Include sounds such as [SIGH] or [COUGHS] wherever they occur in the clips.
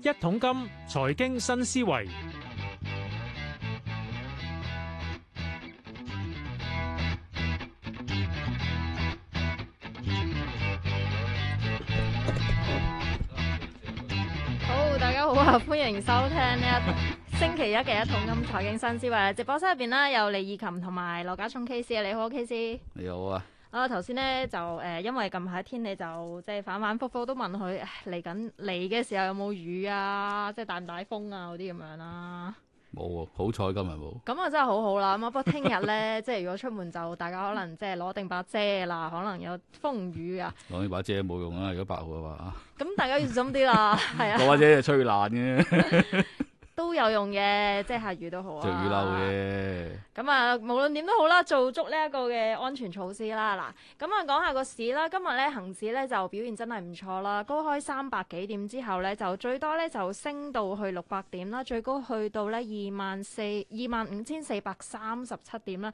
一桶金財經新思維，好，大家好啊，歡迎收聽呢一 [LAUGHS] 星期一嘅一桶金財經新思維。直播室入邊啦，有李義琴同埋羅家聰 KC 啊，你好 KC，KC 你好啊。啊，頭先咧就誒、呃，因為近排天氣就即係反反覆覆，都問佢嚟緊嚟嘅時候有冇雨啊，即係帶唔帶風，大唔大風啊嗰啲咁樣啦。冇喎，好彩今日冇。咁啊，真係好好啦。咁不過聽日咧， [LAUGHS] 即係如果出門就大家可能即係攞定把遮啦，可能有風雨啊。攞呢把遮冇用啦啊！如果八號嘅話啊。咁大家要小心啲啦。係 [LAUGHS] 啊。攞把遮就吹爛嘅。 [LAUGHS] 都有用嘅，即係下雨都好啊，做雨褸嘅。咁啊，無論點都好啦，做足呢一個嘅安全措施啦。嗱，咁啊，講下個市啦。今日咧，恒指咧就表現真係唔錯啦。高開三百幾點之後咧，就最多咧就升到去六百點啦，最高去到咧二萬四、二萬五千四百三十七點啦。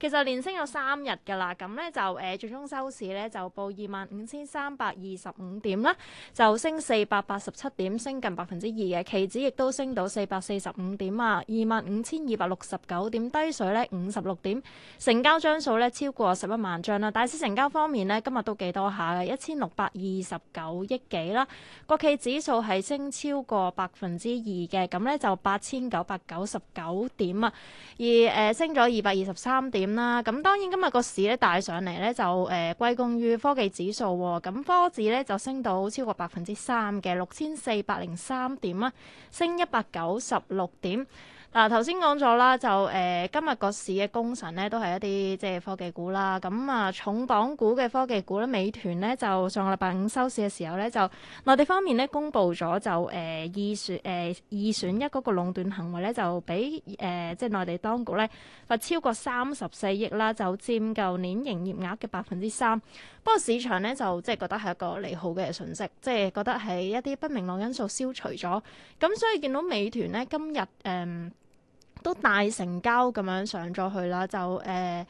其實連升咗三日㗎啦，咁咧就誒、呃、最終收市咧就報二萬五千三百二十五點啦，就升四百八十七點，升近百分之二嘅，期指亦都升到四百四十五點啊，二萬五千二百六十九點低水咧五十六點，成交張數咧超過十一萬張啦。大市成交方面咧，今日都幾多下嘅，一千六百二十九億幾啦，國企指數係升超過百分之二嘅，咁咧就八千九百九十九點啊，而誒、呃、升咗二百二十三點。啦，咁、嗯、當然今日個市咧帶上嚟咧就誒、呃、歸功於科技指數喎，咁、啊、科指咧就升到超過百分之三嘅六千四百零三點啊，升一百九十六點。嗱，頭先講咗啦，就誒、呃、今日個市嘅功臣咧，都係一啲即係科技股啦。咁啊，重磅股嘅科技股咧，美團咧就上個禮拜五收市嘅時候咧，就內地方面咧公佈咗就誒二、呃、選誒二、呃、選一嗰個壟斷行為咧，就俾誒、呃、即係內地當局咧罰超過三十四億啦，就佔舊年營業額嘅百分之三。不過市場咧就即係覺得係一個利好嘅訊息，即、就、係、是、覺得係一啲不明朗因素消除咗。咁所以見到美團咧今日誒、嗯都大成交咁樣上咗去啦，就誒、呃、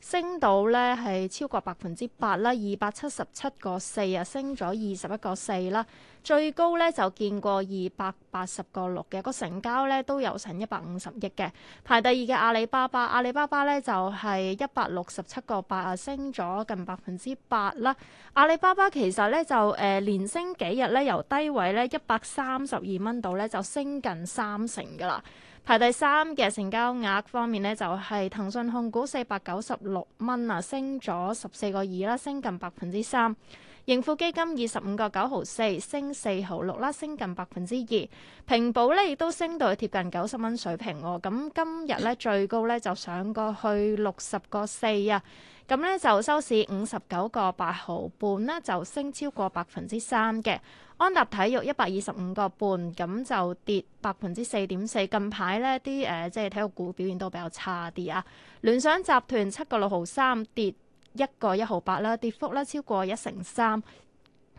升到咧係超過百分之八啦，二百七十七個四啊，升咗二十一個四啦。最高咧就見過二百八十個六，嘅個成交咧都有成一百五十億嘅，排第二嘅阿里巴巴，阿里巴巴咧就係一百六十七個八啊，升咗近百分之八啦。阿里巴巴其實咧就誒連、呃、升幾日咧，由低位咧一百三十二蚊度咧就升近三成㗎喇。排第三嘅成交額方面咧，就係、是、騰訊控股四百九十六蚊啊，升咗十四個二啦，升近百分之三。盈富基金二十五個九毫四，升四毫六啦，升近百分之二。平保咧亦都升到貼近九十蚊水平喎、哦。咁今日咧最高咧就上過去六十個四啊。咁咧就收市五十九個八毫半啦，就升超過百分之三嘅。安踏體育一百二十五個半，咁就跌百分之四點四。近排咧啲誒即係體育股表現都比較差啲啊。聯想集團七個六毫三跌一個一毫八啦，跌幅咧超過一成三，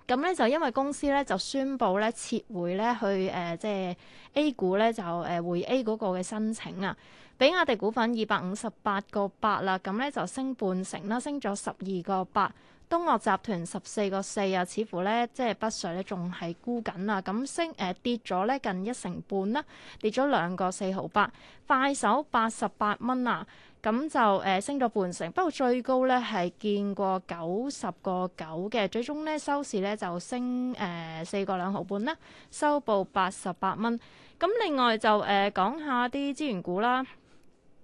咁咧就因為公司咧就宣布咧撤回咧去誒即係 A 股咧就誒回 A 嗰個嘅申請啊，比亞迪股份二百五十八個八啦，咁咧就升半成啦，升咗十二個八，東岳集團十四個四啊，似乎咧即係北水咧仲係沽緊啊，咁升誒、呃、跌咗咧近一成半啦，跌咗兩個四毫八，快手八十八蚊啊。咁就誒、呃、升咗半成，不過最高咧係見過九十個九嘅，最終咧收市咧就升誒四個兩毫半啦，收報八十八蚊。咁另外就誒講、呃、下啲資源股啦。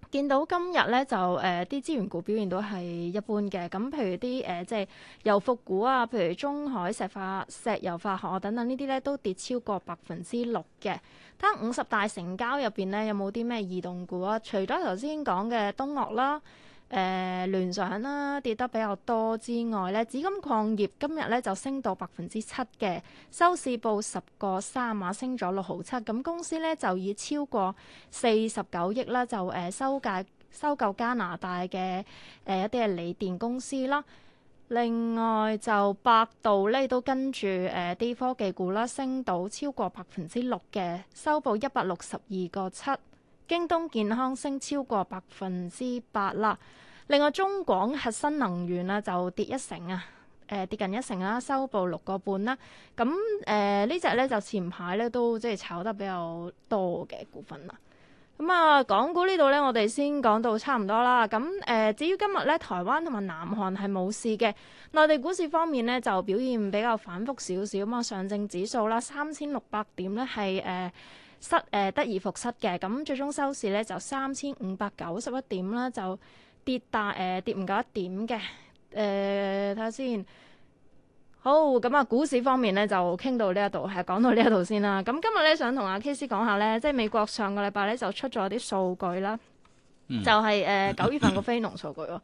見到今日咧就誒啲、呃、資源股表現都係一般嘅，咁譬如啲誒、呃、即係油服股啊，譬如中海石化、石油化學啊等等呢啲咧都跌超過百分之六嘅。睇下五十大成交入邊咧有冇啲咩異動股啊？除咗頭先講嘅東岳啦。誒、呃、聯想啦跌得比較多之外咧，紫金礦業今日咧就升到百分之七嘅，收市報十個三碼，升咗六毫七。咁、啊、公司咧就以超過四十九億啦、啊，就誒、啊、收界收購加拿大嘅誒、啊、一啲嘅鋰電公司啦。另外就百度咧都跟住誒啲科技股啦、啊，升到超過百分之六嘅，收報一百六十二個七。京東健康升超過百分之八啦。另外，中廣核新能源咧、啊、就跌一成啊，誒、呃、跌近一成啦、啊，收報六、呃這個半啦。咁誒呢隻咧就前排咧都即係炒得比較多嘅股份啦。咁啊，港股呢度咧我哋先講到差唔多啦。咁誒、呃、至於今日咧，台灣同埋南韓係冇事嘅。內地股市方面咧就表現比較反覆少少啊。上證指數啦，三千六百點咧係誒。呃失誒、呃，得而復失嘅，咁、嗯、最終收市咧就三千五百九十一點啦，就跌大誒，跌唔夠一點嘅。誒，睇下先。好，咁、嗯、啊，股市方面咧就傾到呢一度，係講到呢一度先啦。咁、嗯、今日咧想同阿 KC 講下咧，即係美國上個禮拜咧就出咗啲數據啦，就係誒九月份個非農數據喎，嗯、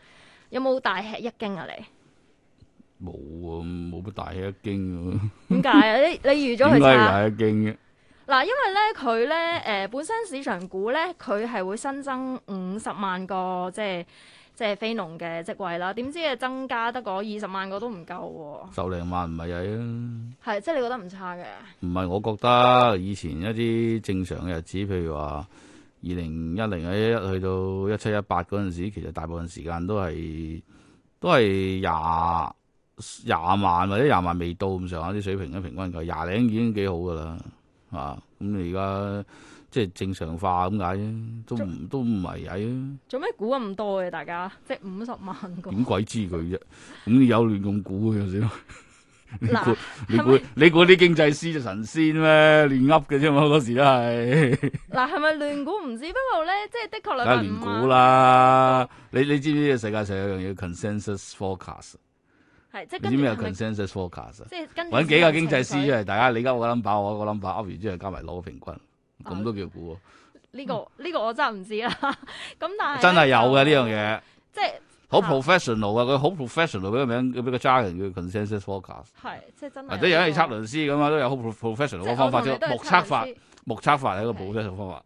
有冇大吃一驚啊？你冇啊，冇乜大吃一驚啊？點 [LAUGHS] 解啊？你你預咗佢咋？點解大一驚嗱，因為咧佢咧誒本身市場股咧，佢係會新增五十萬個，即係即係非農嘅職位啦。點知啊，增加得個二十萬個都唔夠喎。十零萬唔係啊，係即係你覺得唔差嘅？唔係我覺得以前一啲正常嘅日子，譬如話二零一零一一去到一七一八嗰陣時，其實大部分時間都係都係廿廿萬或者廿萬未到咁上下啲水平咧，平均嚟廿零已經幾好噶啦。啊，咁你而家即係正常化咁解啫，都做都唔係嘢啊！做咩估咁多嘅？大家即係五十萬個。點鬼知佢啫？咁有亂用估嘅先咯。你估啦你估猜你估啲經濟師就神仙咩？亂噏嘅啫嘛，嗰時都係。嗱，係咪亂估唔知？不過咧，即係的確係。梗係亂估啦！你你，你知唔知世界上有樣嘢叫 consensus forecast？係即唔知咩叫 consensus forecast 啊！即係跟揾幾個經濟師出嚟，大家你加我個 number，我個 number，噏完之後加埋攞個平均，咁都叫估喎。呢個呢個我真係唔知啦。咁但係真係有嘅呢樣嘢，即係好 professional 㗎。佢好 professional 俾個名，叫俾個揸人叫 consensus forecast。係即係真係，都有啲測論師咁啊，都有好 professional 嘅方法啫。目測法，目測法係一個補助方法。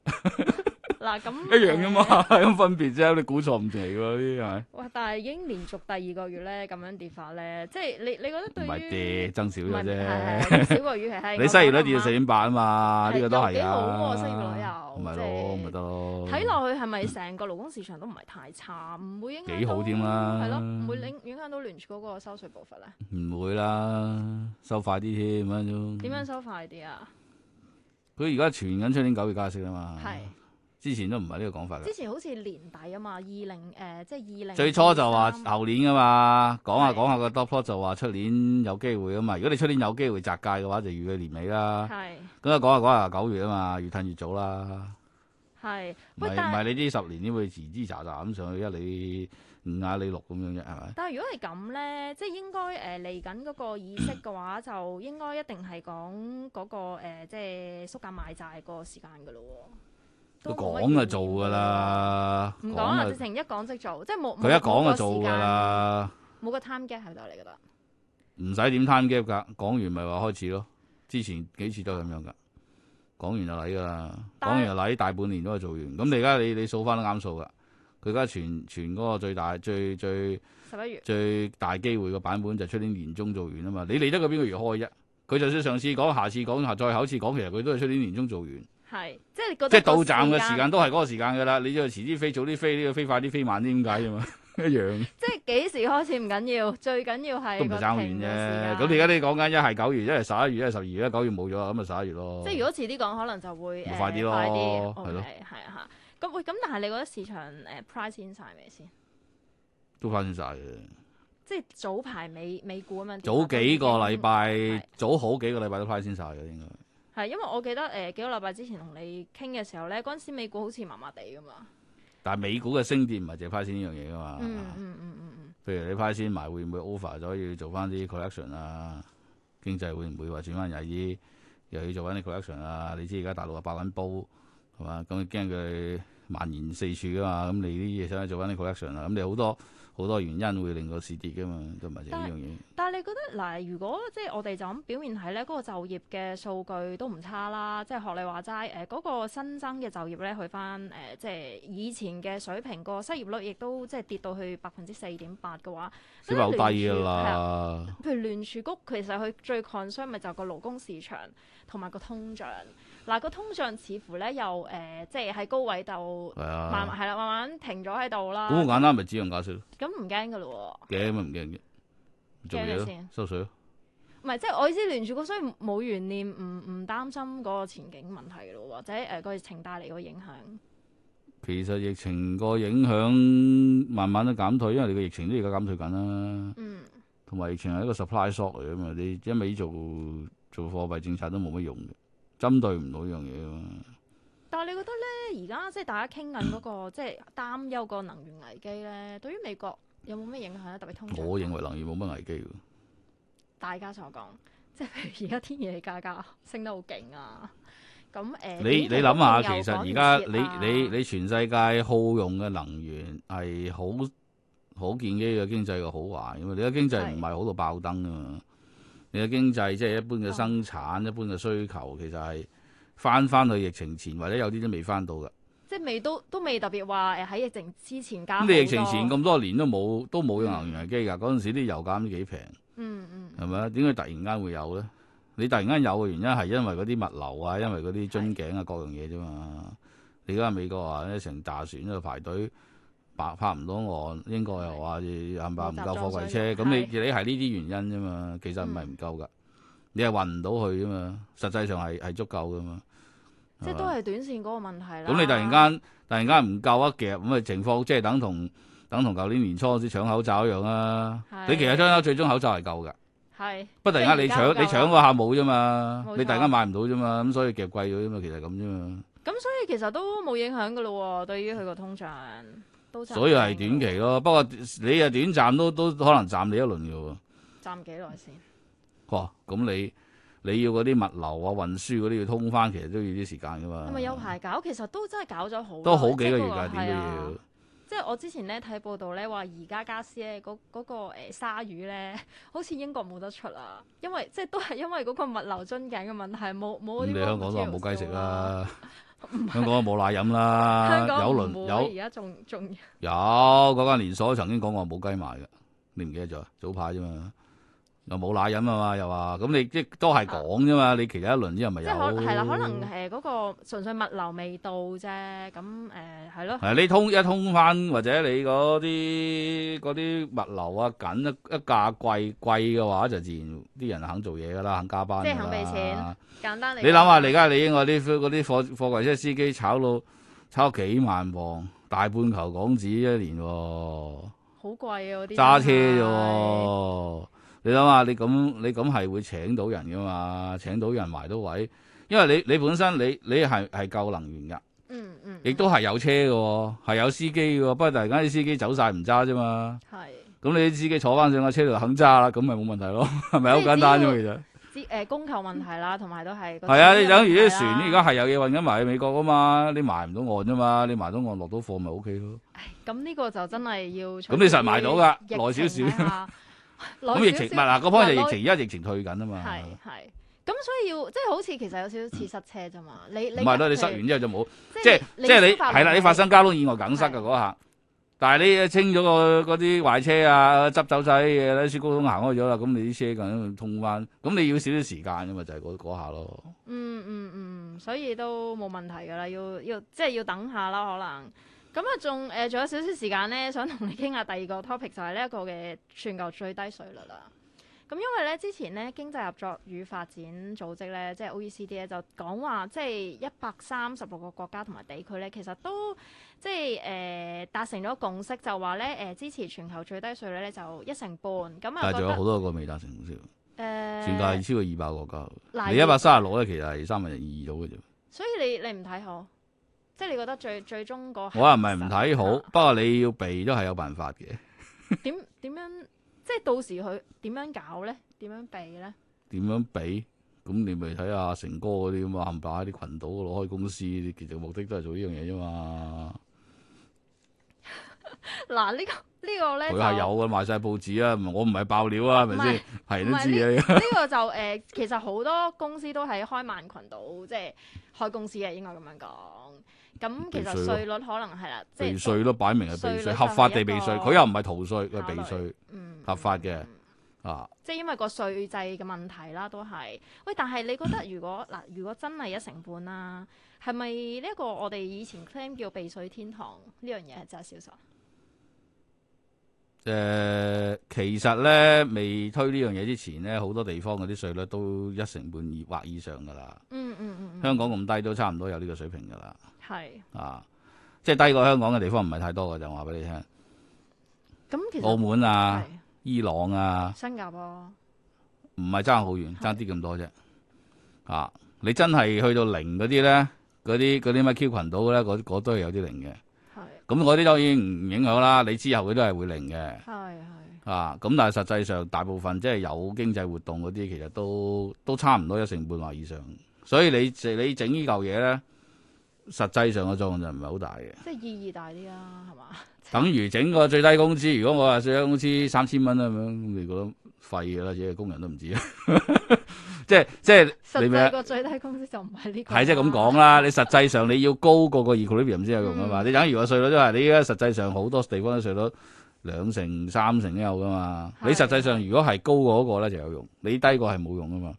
咁一樣噶嘛，咁分別啫。你估錯唔奇喎呢啲係。哇！但係已經連續第二個月咧咁樣跌法咧，即係你你覺得對於唔係跌，增少咗啫。小過預期你失業率跌到四點八啊嘛？呢個都係啊。幾好失業率又唔係咯，咪得咯。睇落去係咪成個勞工市場都唔係太差，唔會影響到係咯，唔會影影響到聯儲嗰個收稅步伐咧。唔會啦，收快啲添咁樣都。點樣收快啲啊？佢而家全緊出年九月加息啊嘛。係。之前都唔係呢個講法嘅。之前好似年底啊嘛，二零誒，即係二零。最初就話後年啊嘛，講下講下個 double 就話出年有機會啊嘛。如果你出年有機會摘界嘅話，就預佢年尾啦。係咁啊，講下講下九月啊嘛，越褪越早啦。係唔係你呢十年點會吱吱喳喳咁上去一、你五啊、你六咁樣啫，係咪？但係如果係咁咧，即係應該誒嚟緊嗰個意識嘅話，就應該一定係講嗰個誒，即係縮減買債個時間噶咯。佢講就做噶啦，唔講啊！直情是一講即做，即冇冇一個時間。佢一講就做噶啦，冇個 time gap 喺度嚟噶啦。唔使點 time gap 噶，講完咪話開始咯。之前幾次都係咁樣噶，講完就嚟噶啦，講完就嚟但大半年都係做完。咁你而家你你數翻都啱數噶。佢而家全全嗰個最大最最十一月最大機會嘅版本就出年年中做完啊嘛。你理得佢邊個月開啫？佢就算上次講，下次講，下再後次講，其實佢都係出年年中做完。係，即係即係到站嘅時間都係嗰個時間噶啦，你就遲啲飛，早啲飛，呢個飛快啲，飛，飛，飛慢啲，咁解啫嘛，一樣。即係幾時開始唔緊要，最緊要係都唔係爭完啫。咁而家你講緊一係九月，一係十一月，一係十二月，一係九月冇咗，咁咪十一月咯。即係如果遲啲講，可能就會就快啲咯，係、呃、咯，係係吓。咁咁但係你覺得市場誒、呃、price in 晒未先？都 price in 晒嘅。即係早排美美股咁樣，早幾個禮拜，早好幾個禮拜都 price in 晒嘅，應該。係，因為我記得誒、呃、幾個禮拜之前同你傾嘅時候咧，嗰陣時美股好似麻麻地噶嘛。但係美股嘅升跌唔係淨係派錢呢樣嘢噶嘛。嗯嗯嗯嗯嗯。嗯嗯嗯譬如你派錢埋會唔會 over 咗，要做翻啲 correction 啊？經濟會唔會話轉翻曳啲？又要做翻啲 correction 啊？你知而家大陸啊爆緊煲係嘛，咁驚佢。蔓延四處噶嘛，咁你啲嘢想做翻啲 correction 啊，咁你好多好多原因會令個市跌噶嘛，都唔係就呢樣嘢。但係你覺得嗱、呃，如果即係我哋就咁表面睇咧，嗰、那個就業嘅數據都唔差啦，即係學你話齋誒，嗰、呃那個新增嘅就業咧去翻誒、呃，即係以前嘅水平、那個失業率亦都即係跌到去百分之四點八嘅話，水平低㗎啦、啊。譬如聯儲局其實佢最 concern 咪就係個勞工市場同埋個通脹。嗱個通脹似乎咧又誒、呃，即係喺高位度慢慢，係啊，係啦、啊，慢慢停咗喺度啦。咁好、哦、簡單解釋，咪止揚價先。咁唔驚噶咯喎？驚咪唔驚嘅，做咩先？收水咯。唔係，即係我意思連，連住個所以冇懸念，唔唔擔心嗰個前景問題咯，或者誒個疫情帶嚟個影響。其實疫情個影響慢慢都減退，因為你哋個疫情都而家減退緊啦。嗯。同埋疫情係一個 supply shock 嚟啊嘛，你一味做做貨幣政策都冇乜用嘅。針對唔到呢樣嘢咯。但係你覺得咧，而家即係大家傾緊嗰個 [COUGHS] 即係擔憂個能源危機咧，對於美國有冇咩影響咧？特別通，我認為能源冇乜危機喎。大家所講，即係譬如而家天然氣價格升得好勁啊！咁誒你、呃，你你諗下，其實而家你、啊、你你，你全世界耗用嘅能源係好好見機嘅經濟嘅好壞，因為你而家經濟唔係好到爆燈啊。的 [MUSIC] 嘅經濟即係一般嘅生產，哦、一般嘅需求其實係翻翻去疫情前，或者有啲都未翻到嘅，即係未都都未特別話誒喺疫情之前搞咁。疫情前咁多年都冇都冇用能源危機㗎，嗰陣、嗯、時啲油價都幾平，嗯嗯，係咪啊？點解突然間會有咧？你突然間有嘅原因係因為嗰啲物流啊，因為嗰啲樽頸啊，的各樣嘢啫嘛。你而家美國啊，一成大船喺度排隊。拍唔到岸，應該又話限牌唔夠貨櫃車咁。是你是你係呢啲原因啫嘛？其實唔係唔夠噶，嗯、你係運唔到佢啫嘛。實際上係係足夠噶嘛。即係都係短線嗰個問題啦。咁你突然間突然間唔夠一夾咁嘅情況，即係等同等同舊年年初啲搶口罩一樣啊。是你其實將最終口罩係夠噶，係是不突然間你搶你搶過下冇啫嘛？錯你突然間買唔到啫嘛？咁所以夾貴咗啫嘛。其實咁啫嘛。咁所以其實都冇影響噶咯，對於佢個通脹。所以係短期咯，不過你啊，短暫都都可能站你一輪嘅喎。站幾耐先？吓、哦，咁你你要嗰啲物流啊、運輸嗰啲要通翻，其實都要啲時間噶嘛。咪有排搞，其實都真係搞咗好多都好幾個月㗎點都要。即係、啊就是、我之前咧睇報道咧，話宜家家私咧嗰嗰個誒鯊、那個、魚咧，好似英國冇得出啊，因為即係、就是、都係因為嗰個物流樽頸嘅問題，冇冇啲你香港都話冇雞食啦。 [LAUGHS] 香港冇奶飲啦，香港 有輪有會有，嗰間 [LAUGHS] 連鎖曾經講過冇雞賣㗎，你唔記得咗啊？早排啫嘛。又冇奶飲啊嘛，又話咁你即係多係講啫嘛，啊、你其他一輪之後咪有。即係可能係啦，可能誒嗰個純粹物流未到啫，咁誒係咯。係、呃、你通一通翻，或者你嗰啲啲物流啊緊一一價貴貴嘅話，就自然啲人肯做嘢噶啦，肯加班。即係肯俾錢，簡單嚟，你諗下、啊，你而家你我啲嗰啲貨貨，貨櫃車司機炒到炒到幾萬喎，大半球港紙一年喎、啊。好貴啊！嗰啲揸車啫喎的。啊。你諗下，你咁你咁係會請到人噶嘛。請到人埋到位，因為你你本身你你係係夠能源噶，嗯，嗯嗯，亦都係有車噶，係有司機噶，不過突然間啲司機走晒唔揸啫嘛。係，咁你啲司機坐翻上架車度肯揸啦，咁咪冇問題咯，係咪好簡單啫其實誒，供求問題啦，同埋都係係啊！你等於啲船而家係有嘢運緊埋去美國噶嘛？你埋唔到岸啫嘛？你埋到岸落到貨咪 O K 咯。咁呢個就真係要咁你實埋到噶，耐少少。咁疫情唔係嗱，個方就疫情，而家疫情退緊啊嘛。係係，咁所以要即係好似其實有少少似塞車啫嘛。你你唔係咯？你塞完之後就冇，即係即係你係啦。你發生交通意外梗塞嘅嗰下，但係你清咗個嗰啲壞車啊，執走晒啲高速公路通行開咗啦，咁你啲車梗通翻，咁你要少少時間啊嘛，就係嗰下咯。嗯嗯嗯，所以都冇問題噶啦，要要即係要等下啦，可能。咁啊，仲誒、嗯，仲有少少時間咧，想同你傾下第二個 topic，就係呢一個嘅全球最低稅率啦。咁、嗯、因為咧，之前咧經濟合作與發展組織咧，即係 OECD 咧，就講話即係一百三十六個國家同埋地區咧，其實都即係誒、呃、達成咗共識，就話咧誒，支持全球最低稅率咧，就一成半。咁、嗯、啊，但係是仲得有好多個未達成共識。誒、呃，全世界超過二百個國家，丁你一百三十六咧，其實係三分二咗嘅啫。所以你你唔睇好？即係你覺得最最終個，我又唔係唔睇好，啊、不過你要避都係有辦法嘅。點點樣？樣 [LAUGHS] 即係到時佢點樣搞咧？點樣避咧？點樣避？咁你咪睇下成哥嗰啲咁啊，喺啲群島度開公司，其實目的都係做呢樣嘢啫嘛。嗱， [LAUGHS] 呢、呢個呢個呢個呢個咧，佢係有嘅，就賣晒報紙啊！我唔係爆料啊，係咪先？係都知嘅。呢、呢個就誒、呃，其實好多公司都喺開曼群島，即係開公司嘅，應該咁樣講。咁其實稅率可能係啦，即係避稅咯，擺明係避稅，避稅合法地避稅，佢又唔係逃稅，佢係避稅，嗯、合法嘅、嗯嗯嗯嗯、啊。即係因為個稅制嘅問題啦，都係。喂，但係你覺得如果嗱， [COUGHS] 如果真係一成半啦、啊，係咪呢一個我哋以前 claim 叫避稅天堂呢樣嘢係真係少數？誒、呃，其實咧未推呢樣嘢之前咧，好多地方嗰啲稅率都一成半二或以上噶啦、嗯。嗯嗯。香港咁低都差唔多有呢個水平噶啦，係是啊，即係低過香港嘅地方唔係太多嘅，就話俾你聽。咁其實澳門啊、是伊朗啊、新加坡唔係爭好遠，爭啲咁多啫。是啊，你真係去到零嗰啲咧，嗰啲嗰啲乜 Q 群島咧，嗰嗰堆有啲零嘅。係咁是，嗰啲當然唔影響啦。你之後佢都係會零嘅。係係啊，咁但係實際上大部分即係有經濟活動嗰啲，其實都都差唔多一成半或以，以上。所以你你整呢嚿嘢咧，實際上嘅作用就唔係好大嘅。即係意義大啲啦、啊，係嘛？等於整個最低工資。如果我話最低工資三千蚊咁樣，你覺得廢㗎啦，自己工人都唔知。 [LAUGHS] 即係即係。實際個最低工資就唔係呢個、啊。係即係咁講啦。你實際上你要高過個 equilibrium 先有用啊嘛。嗯、你等於個稅率都、就、係、是。你依家實際上好多地方都稅率兩成三成都有噶嘛。的你實際上如果係高過嗰個咧就有用，你低過係冇用啊嘛。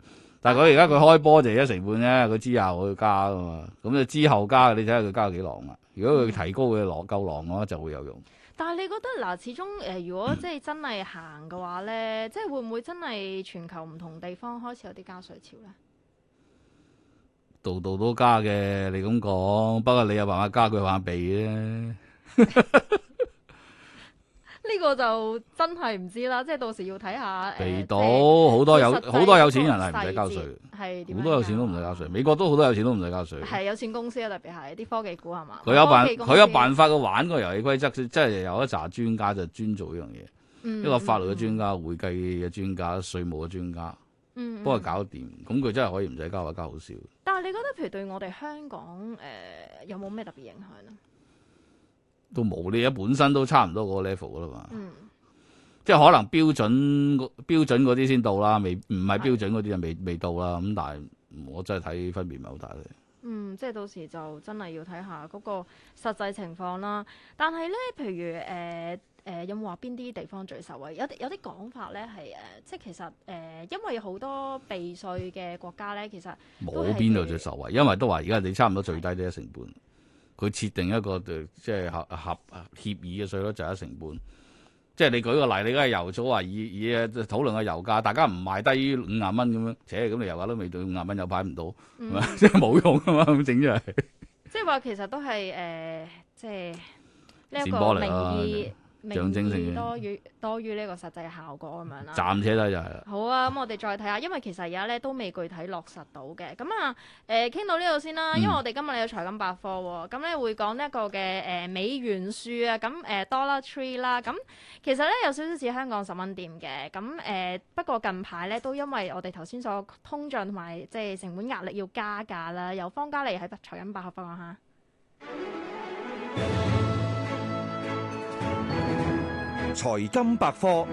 但佢而家佢開波就一成半啫，佢之後會加㗎嘛，咁就之後加。你睇下佢加幾狼啦。如果佢提高佢狼夠狼嘅話，就會有用。但係你覺得嗱，始終誒、呃，如果的的、嗯、即係真係行嘅話咧，即係會唔會真係全球唔同地方開始有啲加稅潮咧？度度都加嘅，你咁講。不過你有辦法加佢辦法避呢個就真係唔知啦，即係到時要睇下。肥到好多有好多有錢人係唔使交稅，好多有錢都唔使交稅。美國都好多有錢都唔使交稅。係有錢公司啊，特別係啲科技股係嘛。佢有辦佢有辦法去玩個遊戲規則，即係有一紮專家就專做呢樣嘢，嗯、一個法律嘅專家、會計嘅專家、稅務嘅專家，嗯，幫佢、嗯嗯、搞掂，咁佢、嗯嗯、真係可以唔使交，或交好少。但係你覺得，譬如對我哋香港誒、呃，有冇咩特別影響啊？都冇呢，本身都差唔多嗰個 level 嘅啦嘛。嗯，即係可能標準個標準嗰啲先到啦，未唔係標準嗰啲就未未到啦。咁但係我真係睇分別唔係好大嘅。嗯，即係到時就真係要睇下嗰個實際情況啦。但係咧，譬如誒誒、呃呃，有冇話邊啲地方最受惠？有啲有啲講法咧係誒，即係其實誒、呃，因為好多避稅嘅國家咧，其實冇邊度最受惠，嗯、因為都話而家你差唔多最低都一成半。嗯對佢設定一個誒，即係合合，合協議嘅稅率就一成半，即係你舉個例，你而家油早話以以，以討論個油價，大家唔賣低於五十蚊咁樣，且咁你油價都未到五十蚊又擺唔到，係、嗯、即係冇用啊嘛，咁整咗係。即係話其實都係誒、呃，即係呢一個名義、啊。就是象徵性多於多於呢個實際效果咁樣啦、啊。暫且睇就係好啊，咁我哋再睇下，因為其實而家咧都未具體落實到嘅。咁啊，誒、呃，傾到呢度先啦。嗯、因為我哋今日有財金百科喎、啊，咁咧會講呢一個嘅誒、呃、美元樹啊，咁誒、呃、Dollar Tree 啦。咁其實咧有少少似香港十蚊店嘅。咁誒、呃、不過近排咧都因為我哋頭先所通脹同埋即係成本壓力要加價啦，有方嘉麗喺度財金百科幫我嚇。財金百科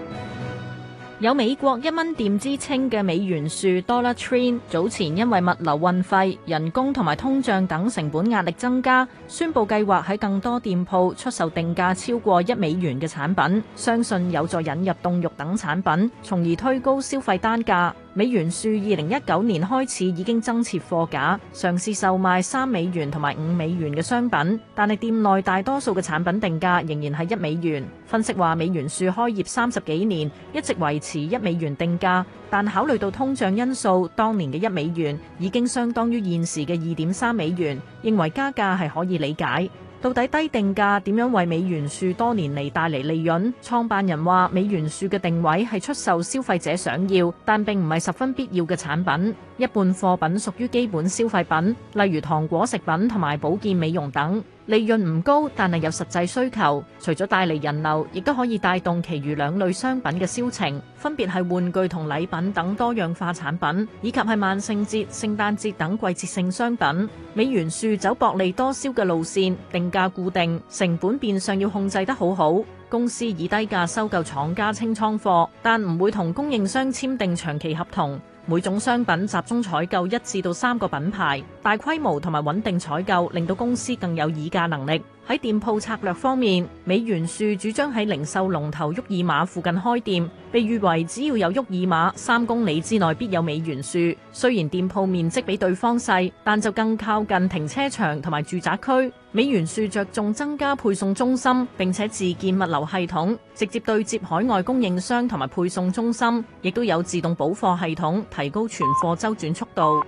有美國一蚊店之稱嘅美元樹 Dollar Tree，早前因為物流運費、人工同埋通脹等成本壓力增加，宣布計劃喺更多店鋪出售定價超過一美元嘅產品，相信有助引入凍肉等產品，從而推高消費單價。美元樹二零一九年開始已經增設貨架，嘗試售賣三美元同埋五美元嘅商品，但係店內大多數嘅產品定價仍然係一美元。分析話，美元樹開業三十幾年一直維持一美元定價，但考慮到通脹因素，當年嘅一美元已經相當於現時嘅二點三美元，認為加價係可以理解。.到底低定價點樣為美元樹多年嚟帶嚟利潤？創辦人話：美元樹嘅定位係出售消費者想要，但並唔係十分必要嘅產品，一半貨品屬於基本消費品，例如糖果、食品同埋保健美容等。利潤唔高，但係有實際需求。除咗帶嚟人流，亦都可以帶動其餘兩類商品嘅銷情，分別係玩具同禮品等多樣化產品，以及係萬聖節、聖誕節等季節性商品。美元樹走薄利多銷嘅路線，定價固定，成本變相要控制得好好。公司以低價收購廠家清倉貨，但唔會同供應商簽訂長期合同。每種商品集中採購一至到三個品牌，大規模同埋穩定採購，令到公司更有議價能力。喺店鋪策略方面，美元樹主張喺零售龍頭沃爾瑪附近開店，被譽為只要有沃爾瑪三公里之內必有美元樹，雖然店鋪面積比對方細，但就更靠近停車場同埋住宅區，美元樹着重增加配送中心並且自建物流系統，直接對接海外供應商同埋配送中心，亦都有自動補貨系統，提高存貨周轉速度。